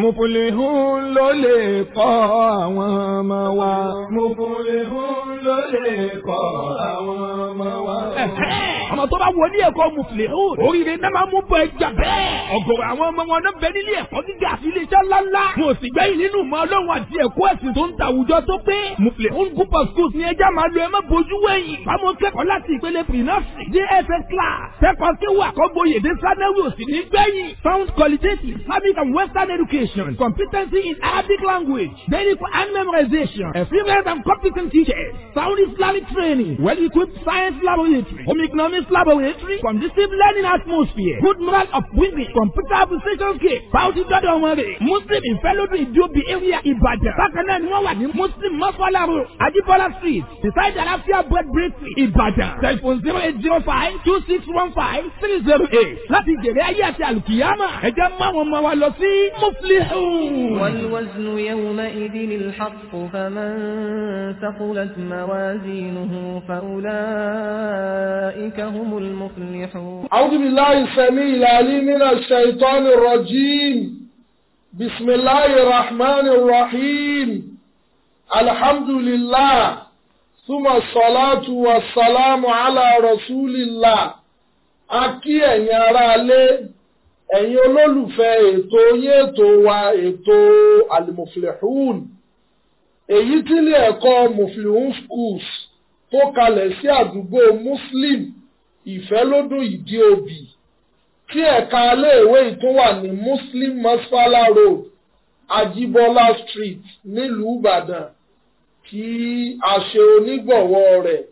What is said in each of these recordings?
Mupulihun ló lè àwọn ọmọ wa. Mupulihun ló lè kọ́ àwọn ọmọ wa. ọmọ tó bá wọlé ẹ̀kọ́ muflihun oríire náà máa mú bọ ẹja bẹ́ẹ̀. ọ̀gọ̀rọ̀ àwọn ọmọ wọn náà bẹ nílé ẹ̀kọ́ gíga àti iléeṣẹ́ ńláńlá. mo sì gbẹ́yìn nínú ìmọ̀ ọlọ́run àti ẹ̀kọ́ ẹ̀sìn tó ń ta àwùjọ tó pé. muflihun group of schools ni ẹja máa lo ẹ má wẹ̀yìn. bámu kẹ́kọ̀ọ́ láti ìpele pre-nursery ní gbẹ̀yìn. sound qualitative Islamic and Western education competency in Arabic language. clinical and memorization, experienced and competent teachers sound Islamic training, well-equipped science laboratory, home economics laboratory, conducive learning atmosphere, good moral of women, computer application kit, bounty dọ́dọ̀ wọn rè. Muslim ìfẹ́lódún ìdíòbí area Ìbàdàn. Bákan náà ni wọ́n wà ní Muslim Mọ́fọ́lárò, Ajibola street, beside Alafia bread bakery, Ìbàdàn. Telephone zero eight zero five two six one five three zero eight. Láti jèrè ayé àti àlùkìyámà, ẹ jẹ́ mú wa lọ sí موازينه فأولئك هم المفلحون أعوذ بالله السميع العليم من الشيطان الرجيم بسم الله الرحمن الرحيم الحمد لله ثم الصلاة والسلام على رسول الله akí ẹ̀yin aráalé ẹ̀yin olólùfẹ́ ètò yín ètò wa ètò al èyí tí ilé ẹ̀kọ́ mufliun schools tó kalẹ̀ sí àdúgbò muslim ìfẹ́lódún ìdí òbí tí ẹ̀ka iléèwé tó wà ní muslim masfala road ajibola street nílùú ìbàdàn kí a ṣe onígbọ̀wọ́ rẹ̀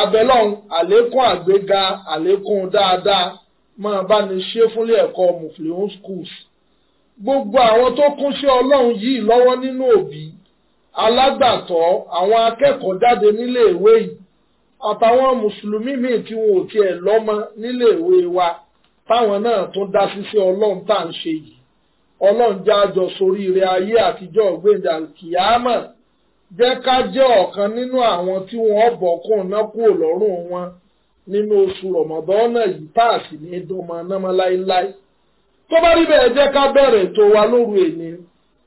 abẹ́lọ́n àlékún àgbéga àlékún dáadáa máa bá ní ṣe fúnlé ẹ̀kọ́ mufliun schools gbogbo àwọn tó kún sí ọlọ́run yìí lọ́wọ́ nínú òbí alágbàtọ́ àwọn akẹ́kọ̀ọ́ jáde níléèwé yìí àtàwọn mùsùlùmí míì tí wọn ò tiẹ̀ lọ́mọ níléèwé wa táwọn náà tún dá síṣẹ́ ọlọ́run tá à ń ṣe yìí ọlọ́run já jọ sórí ire ayé àtijọ́ ọ̀gbẹ́jà kìámà jẹ́ ká jẹ́ ọ̀kan nínú àwọn tí wọ́n bọ̀kún náà kúrò lọ́rùn wọn nínú oṣù rọ̀mọ̀dọ́nà yìí tá à sì ní dọ́mọ náà láéláé tó bá rí bẹ́ẹ̀ jẹ́ ká bẹ̀rẹ̀ tó wa lóru èní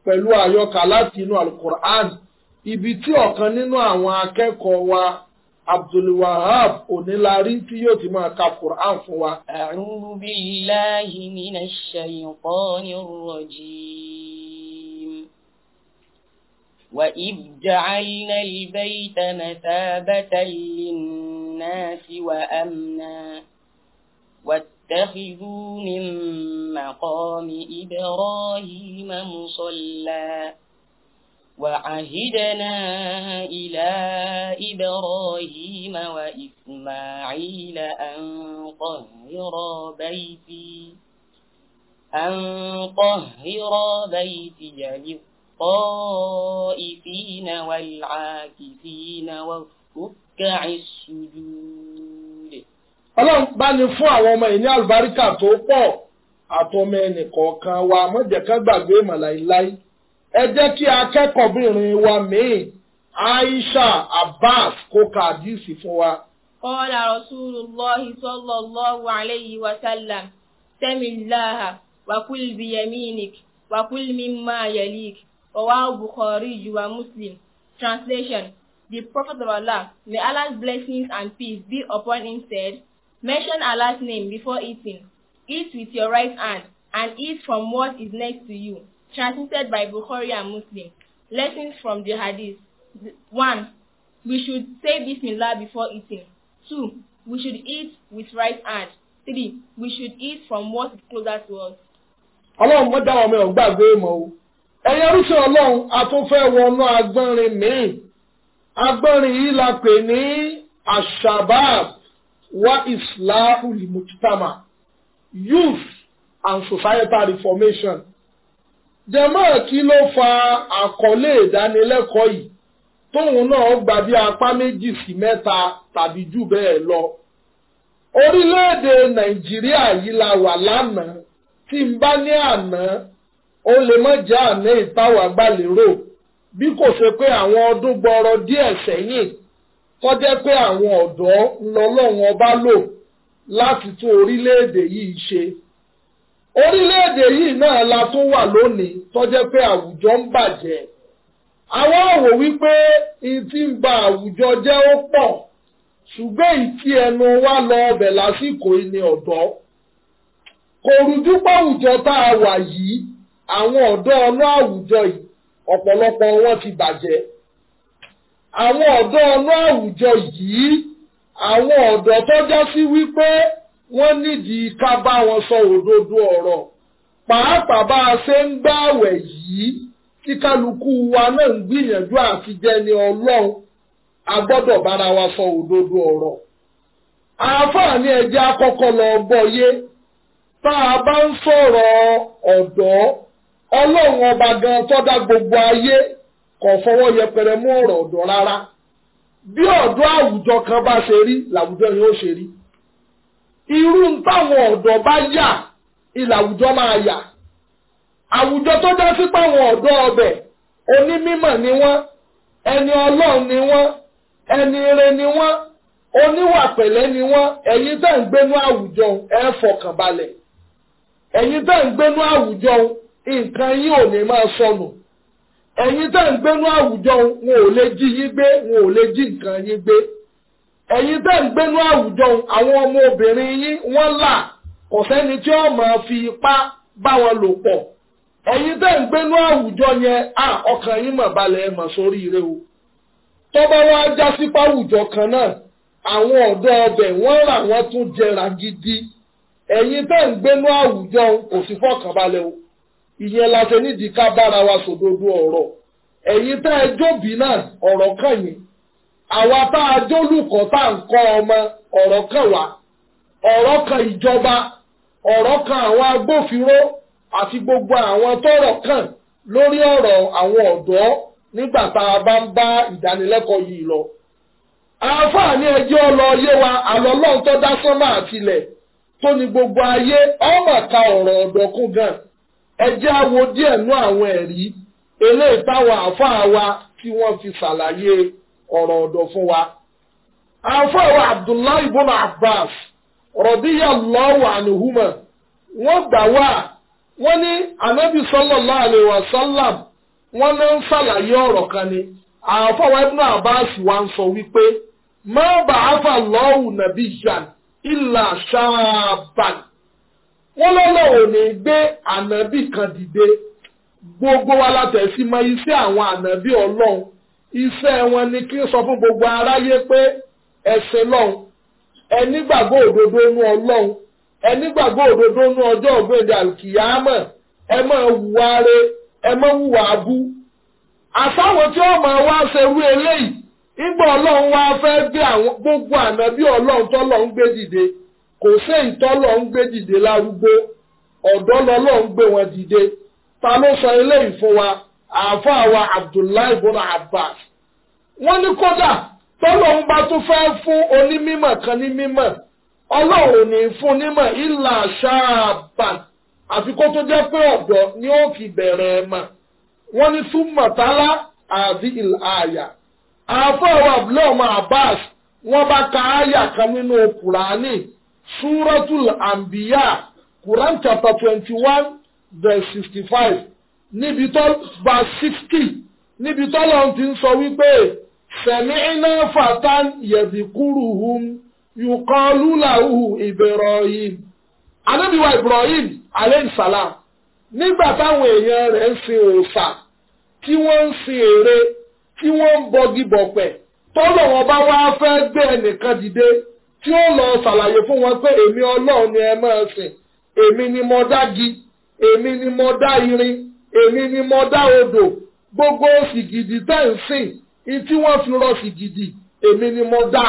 pẹ̀lú àyọkà láti inú alukur'an ibi tí ọ̀kan nínú àwọn akẹ́kọ̀ọ́ wa abdulwahab onílárí tí yóò ti máa ka quran fún wa. a'udhu billahi minash shaytanir rajim. وإذ جعلنا البيت مثابة للناس وأمنا اتخذوا من مقام إبراهيم مصلى وعهدنا إلى إبراهيم وإسماعيل أن طهرا بيتي أن طهرا بيتي للطائفين والعاكفين والركع السجود ọlọ́run bá ní fún àwọn ọmọ ìní àlùbáríkà tó pọ̀ àtọmọ ẹnìkọ̀ọ̀kan wa mọ̀jẹ̀ká gbàgbé màláìláì ẹ jẹ́ kí akẹ́kọ̀ọ́bìnrin wa míì Aisha Abbas kó ka àdìsí fún wa. Qala Rasulullahi sallallahu alayhi wa sallam samillaha wa kul biyaminik wa kul mimma yalik rawa Bukhari wa Muslim translation the prophet of Allah may Allah's blessings and peace be upon him said Mention Allah's name before eating. Eat with your right hand and eat from what is next to you. Transmitted by Bukhari and Muslim. Lessons from the Hadith. 1. We should say Bismillah before eating. 2. We should eat with right hand. 3. We should eat from what is closer to us. Ọlọ́run mọ́ dá ọmọ ẹ̀ gbàgbé mọ́ o. Ẹ̀yin oríṣi Ọlọ́run a wọnú agbọ́nrin míì. Agbọ́nrin yìí la pè ní Ashabab. wa islahu limujtama youth and societal reformation jẹ́mọ́ kí ló fa àkọlé ìdánilẹ́kọ̀ọ́ yìí tóun náà gba bí apá méjì sí mẹ́ta tàbí jù bẹ́ẹ̀ lọ orílẹ̀-èdè nàìjíríà yìí la wà lánàá tí n bá ní àná ó lè mọ́ jẹ́ àná ìtawà gbàlérò bí kò ṣe pé àwọn ọdún díẹ̀ sẹ́yìn kọjẹ́ pé àwọn ọ̀dọ́ ńlọlọ́run ọba lò láti tún orílẹ̀-èdè yìí ṣe orílẹ̀-èdè yìí náà la tún wà lónìí tọ́jẹ́ pé àwùjọ ń bàjẹ́ àwọn àwò wípé ìtì ń ba àwùjọ jẹ́ ó pọ̀ ṣùgbọ́n ìtì ẹnu wa lọ ọbẹ̀ lásìkò ìní ọ̀dọ́ kò rújú pàwùjọ tá a wà yìí àwọn ọ̀dọ́ ọlọ́ àwùjọ yìí ọ̀pọ̀lọpọ̀ wọn ti bàjẹ́ àwọn ọ̀dọ́ ọlọ́ àwùjọ yìí àwọn ọ̀dọ́ tó já sí wípé wọ́n nídìí ká bá wọn sọ òdodo ọ̀rọ̀ pàápàá bá a ṣe ń gbààwẹ̀ yìí tí kálukú wa náà ń gbìyànjú àti jẹni ọlọ́run a gbọ́dọ̀ bára wa sọ òdodo ọ̀rọ̀ àǹfààní ẹ̀jẹ̀ akọ́kọ́ lọ gbọ́yé tá a bá ń sọ̀rọ̀ ọ̀dọ́ ọlọ́run ọba gan tó gbogbo ayé kò fọwọ́ yẹpẹrẹ mú ọ̀rọ̀ ọ̀dọ́ rárá bí ọ̀dọ́ àwùjọ kan bá ṣe rí làwùjọ yẹn ó ṣe rí irú ń táwọn ọ̀dọ́ bá yà ìlàwùjọ máa yà àwùjọ tó dá sí páwọn ọ̀dọ́ ọbẹ̀ onímímọ̀ ni wọ́n ẹni ọlọ́run ni wọ́n ẹni ire ni wọ́n oníwà pẹ̀lẹ́ ni wọ́n ẹ̀yin tẹ́ ń gbénú àwùjọ ẹ fọkàn balẹ̀ ẹ̀yin tẹ́ ń gbénú àwùjọ nǹkan yín ò ní máa sọnù. ẹ̀yin tẹ́ ń gbénú àwùjọ wọn ò lè jí yín gbé wọn ò lè jí nǹkan yín gbé ẹ̀yin tẹ́ ń gbénú àwùjọ àwọn ọmọbìnrin yín wọn là kò sẹ́ni tí ó máa fi ipá bá wọn lò pọ̀ ẹ̀yin tẹ́ ń gbénú àwùjọ yẹn à ọkàn yín mà balẹ̀ ẹ̀ mà sórí ire o tó bá wá já sí páwùjọ kan náà àwọn ọ̀dọ́ ọbẹ̀ wọn rà wọn tún jẹrà gidi ẹ̀yin tẹ́ ń gbénú àwùjọ kò sí fọkànbalẹ̀ o ìyẹn la ṣe nídìí ká bára wa sòdodo ọ̀rọ̀ ẹ̀yin tá ẹ jóbi náà ọ̀rọ̀ kàn yín àwa tá a jólùkọ́ tá à ń kọ́ ọmọ ọ̀rọ̀ kàn wá ọ̀rọ̀ kan ìjọba ọ̀rọ̀ kan àwọn agbófinró àti gbogbo àwọn tọ́rọ̀ kàn lórí ọ̀rọ̀ àwọn ọ̀dọ́ nígbà tá a bá ń bá ìdánilẹ́kọ̀ọ́ yìí lọ. àǹfààní ẹjẹ́ ọlọ yé wa àlọ́ lọ́n dá sánmà àtilẹ̀ tó ní gbogbo ayé ọmọ ka ọ̀rọ̀ ọ̀dọ́kùn gan-an ẹ jẹ́ á wo díẹ̀ nú àwọn ẹ̀rí eléyìí táwọn àáfàá wa tí wọ́n fi ṣàlàyé ọ̀rọ̀ ọ̀dọ̀ fún wa. àáfàá wa Abdullahi ibn Abbas radiyallahu anhuma wọ́n gbà wá wọ́n ní anabi sallallahu alayhi wa wọ́n náà ń ṣàlàyé ọ̀rọ̀ ni àáfàá wa ibn Abbas wa ń sọ wípé má bàá fà wọ́n lọ́nà ò ní gbé ànábì kan dìde gbogbo wa látẹ̀sí mọ iṣẹ́ àwọn ànábì ọlọ́run iṣẹ́ wọn ni kí n sọ fún gbogbo aráyé pé ẹ̀sìn lọ́run ẹnígbàgbọ́ òdodo nú ọlọ́run ẹnígbàgbọ́ òdodo ọjọ́ ẹ máa wùwà re ẹ máa wùwà abú. àsáwọn tí máa wá eléyìí ọlọ́run wá fẹ́ gbé kò séǹtọ́lọ̀ ń gbé dìde lárúgbó ọ̀dọ́ lọ́lọ́ ń gbé wọn dìde ta ló sọ eléyìí fún wa àáfàá wa Abdullahi ibn Abbas wọ́n ní kódà tọ́lọ̀ ń bá tún fẹ́ fún onímímọ̀ kan ní mímọ̀ ọlọ́run ní fún nímọ̀ ìlà ṣáàbà àfi kó tó jẹ́ pé ọ̀dọ́ ni ó fi bẹ̀rẹ̀ mọ̀ wọ́n ní súnmọ̀ tálá àbí ìlàyà àáfàá wa Abdullahi ibn Abbas wọ́n bá ka àyà kan nínú Kùránì suratul anbiya quran chapter twenty one verse sixty five níbi tó bá sixty níbi tó lọ́n ti ń sọ wípé sami'na fatan yadhkuruhum yuqalu lahu ibrahim anábìwá ibrahim aleyhi salam nígbà táwọn èèyàn rẹ̀ ń sin òòṣà tí wọ́n ń sin ère tí wọ́n ń bọgi bọ̀pẹ̀ tọ́lọ̀ wọn bá wá fẹ́ gbé ẹnìkan dìde tí ó lọ ṣàlàyé fún wọn pé èmi ọlọ́run ni ẹ máa sìn èmi ni mo dá gi èmi ni mo dá irin èmi ni mo dá odò gbogbo sìgìdì tẹ̀ ń sìn tí wọ́n fi rọ sìgìdì èmi ni mo dá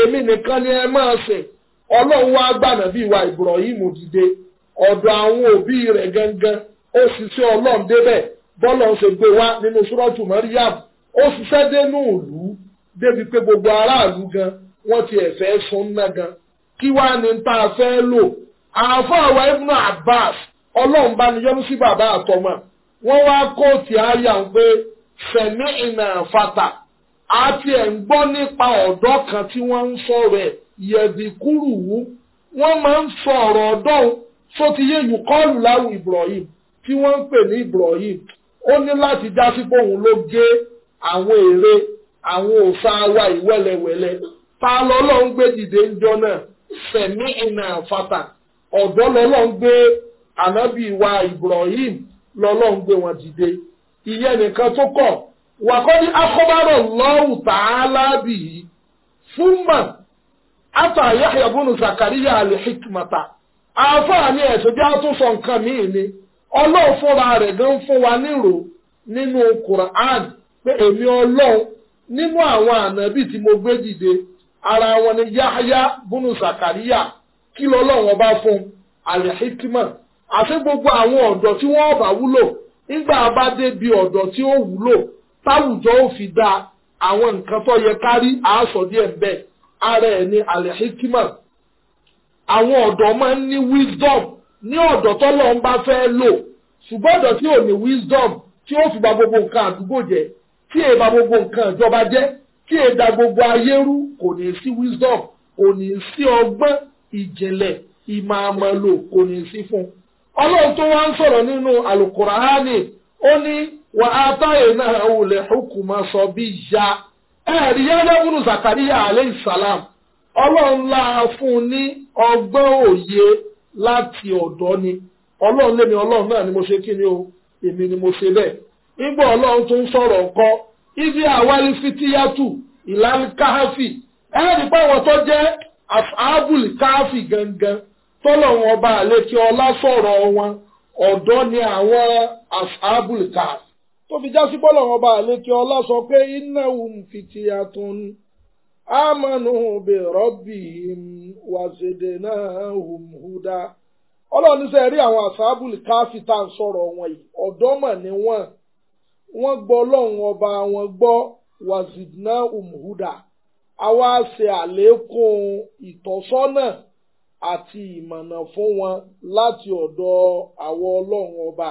èmi nìkan ni ẹ máa sìn ọlọ́run wá gbànà bí ìwà Ibrahim dìde ọ̀dọ̀ àwọn òbí rẹ̀ gangan ó ṣiṣẹ́ ọlọ́run débẹ̀ bọ́lọ̀ ṣe gbé wá nínú súrọ́tù Maryam ó ṣiṣẹ́ dénú ìlú débi pé gbogbo aráàlú gan-an wọ́n ti ẹ̀fẹ́ sun ná gan kí wá ní tá a fẹ́ lò àáfà àwa ibùn abbas ọlọ́run bá ní yọ́nú sí bàbá àtọmọ wọ́n wá kóòtù àyà ń pé sẹ̀mí ìnà fata àti ẹ̀ ń gbọ́ nípa ọ̀dọ́ kan tí wọ́n ń sọ̀rọ̀ ẹ̀ yẹ̀dìkúrù wú wọ́n máa ń sọ ọ̀rọ̀ ọ̀dọ́ tó ti yé yùkọ́ọ̀lù láwù Ibrahim tí wọ́n ń pè ní Ibrahim ó ní láti já sí pé òun ló gé àwọn ère àwọn òòṣà wa ìwẹ́lẹ̀wẹ́lẹ̀ ta lọ́lọ́run gbé dìde ńjọ́ náà sẹ̀mí ìnà fata ọ̀dọ́ lọ́lọ́run gbé ànábì wa Ibrahim lọ́lọ́run gbé wọn dìde ìyẹn nìkan tó kọ̀ wàkọ́ni akọ́bárọ̀ lọ́wù tààlà bì í fúnmà ata Yahya bunu Zakariya alihikimata àfààní ẹ̀sọ́jà tó sọ nǹkan míì ni ọlọ́run fúnra rẹ̀ gan fún wa nírò nínú Quran pé èmi ọlọ́run nínú àwọn ànábì tí mo gbé dìde ara wọn ni yahya bunu zakariya kí lọ́lọ́wọ́n bá fún alihikima àti gbogbo àwọn ọ̀dọ́ tí wọ́n bá wúlò nígbà bá dé bi ọ̀dọ́ tí ó wúlò táwùjọ ó fi dá àwọn nǹkan tó yẹ kárí àásọ díẹ̀ bẹ́ẹ̀ ara ẹ̀ ni alihikima àwọn ọ̀dọ́ máa ń ní wisdom ní ọ̀dọ́ tọ́lọ́run bá fẹ́ lò ṣùgbọ́n ọ̀dọ́ tí ò ní wisdom tí ó fi bà gbogbo nǹkan àdúgbò jẹ́ tí èèbà gbogbo nǹkan ìjọba jẹ́ tí èdà gbogbo ayé rú kò ní sí wisdom kò ní sí ọgbọ́n ìjìnlẹ̀ ìmàmọ́lò kò ní sí fún. ọlọ́run tó wá ń sọ̀rọ̀ nínú alukurahani ó ní wà á táyé náà ò lè hukuma sọ bí ya ẹ̀rí yẹ́lẹ́múnú zakariya aleyhi salam ọlọ́run la fún ní ọgbọ́n òye láti ọ̀dọ́ ni ọlọ́run lémi ọlọ́run náà ni mo ṣe kí ni o èmi ni mo ṣe bẹ́ẹ̀ nígbà ọlọ́run tó ń sọ̀rọ̀ nǹkan ibi àwárí fitiyatu ìlànà káháfì ẹ̀ẹ́dì pàwọ̀ tó jẹ́ àbùlì káháfì gangan tọ́lọ̀wọ̀n ọba àlékè ọlá sọ̀rọ̀ wọn ọ̀dọ́ ni àwọn àbùlì káháfì tó fi já sí ọba àlékè ọlá sọ pé innahum fitiyatun amanu bi rabbihim wazidnahum huda ọlọ́run ní sẹ́ẹ̀rí àwọn àbùlì káháfì tá à ń sọ̀rọ̀ wọn yìí ni wọ́n. wọ́n gbọ́ ọlọ́run ọba wọn gbọ́ wazidna umhuda àwa ṣe àlékún ìtọ́sọ́nà àti ìmọ̀nà fún wọn láti ọ̀dọ̀ àwọn ọlọ́run ọba.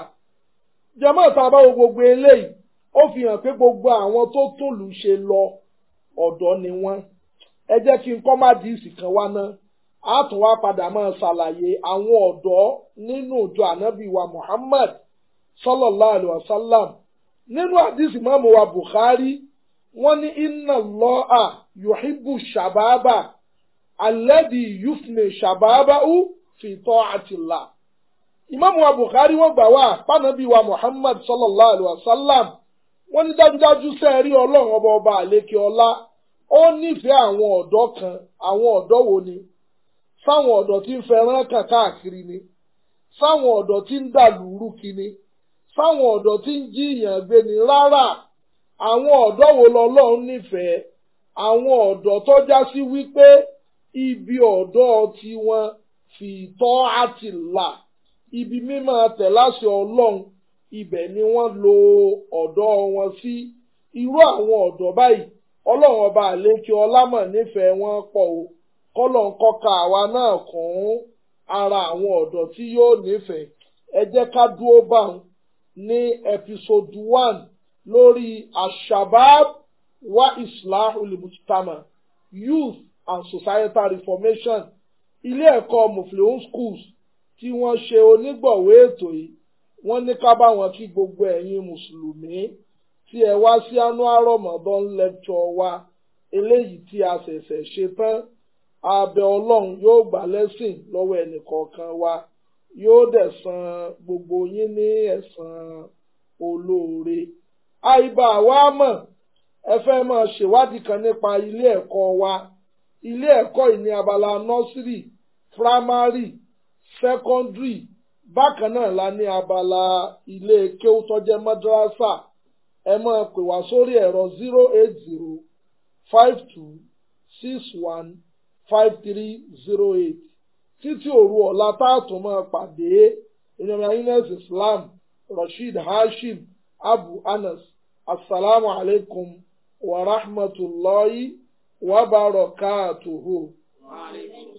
jẹ́mọ́ tá a bá wo gbogbo eléyìí ó fi hàn pé gbogbo àwọn tó tún lù ṣe lọ ọ̀dọ́ ni wọ́n. ẹ jẹ́ kí n kọ́ má díìsì kan wá ná a tún wá padà máa ṣàlàyé àwọn ọ̀dọ́ nínú ìjọ ànábì wa Muhammad sallallahu alayhi wa sallam nínú àdìsí mọ́mú wa Bukhari wọ́n ní inna Allaha yuhibbu shababa alladhi yufni shababa u fi ta'ati Allah. ìmọ̀mù wa Bukhari wọ́n gbà wá pànàbí wa Muhammad sallallahu alayhi wa sallam wọ́n ní dájúdájú sẹ́ẹ̀rí ọlọ́run ọba ọba àlékè ọlá ó nífẹ̀ẹ́ àwọn ọ̀dọ́ kan àwọn ọ̀dọ́ wo ni sáwọn ọ̀dọ́ tí ń fẹ́ràn kàn káàkiri ni sáwọn ọ̀dọ́ tí ń dàlúrú kí ni fáwọn ọ̀dọ́ tí ń jiyàn gbé ni rárá àwọn ọ̀dọ́ wo lọ́lọ́run nífẹ̀ẹ́ àwọn ọ̀dọ́ tó já sí wípé ibi ọ̀dọ́ tiwọn fi tọ́ àti là ibi mímọ́ tẹ̀láṣẹ ọlọ́run ibẹ̀ ni wọ́n lo ọ̀dọ́ wọn sí irú àwọn ọ̀dọ́ báyìí ọlọ́run ọba àlékí ọlámọ̀ nífẹ̀ẹ́ wọn pọ̀ o kọ́lọ̀ àwa náà kún ara àwọn ọ̀dọ́ tí yóò nífẹ̀ẹ́ ẹ jẹ́ ká dúró báwọn ní ẹpisodù one lórí ashabab wa islahul mujtama youth and societal reformation ilé ẹ̀kọ́ mufleon schools tí wọ́n ṣe onígbọ̀wé ètò yìí wọ́n ní ká bá wọn kí gbogbo ẹ̀yin mùsùlùmí tí ẹ wá sí annual Ramadan lecture wa eléyìí tí a ṣẹ̀ṣẹ̀ ṣe tán abẹ ọlọ́run yóò gbà lẹ́sìn lọ́wọ́ ẹnìkọ̀ọ̀kan wa yóò dẹ̀ san gbogbo yín ní ẹ̀san olóore. àìbá wa mọ̀ ẹ fẹ́ máa ṣèwádìí kan nípa ilé ẹ̀kọ́ wa ilé ẹ̀kọ́ ìní abala nọ́sírì primary secondary bákan náà la ní abala ilé kéwú madrasa ẹ máa pè wá sórí ẹ̀rọ zero eight zero five two six one five three zero eight títí òru ọ̀la táàtún máa pàdé ìrìnàmì ayinaz islam rasheed hashim abu anas asalaamu alaykum wa rahmatulahi wa barakatuhu. wa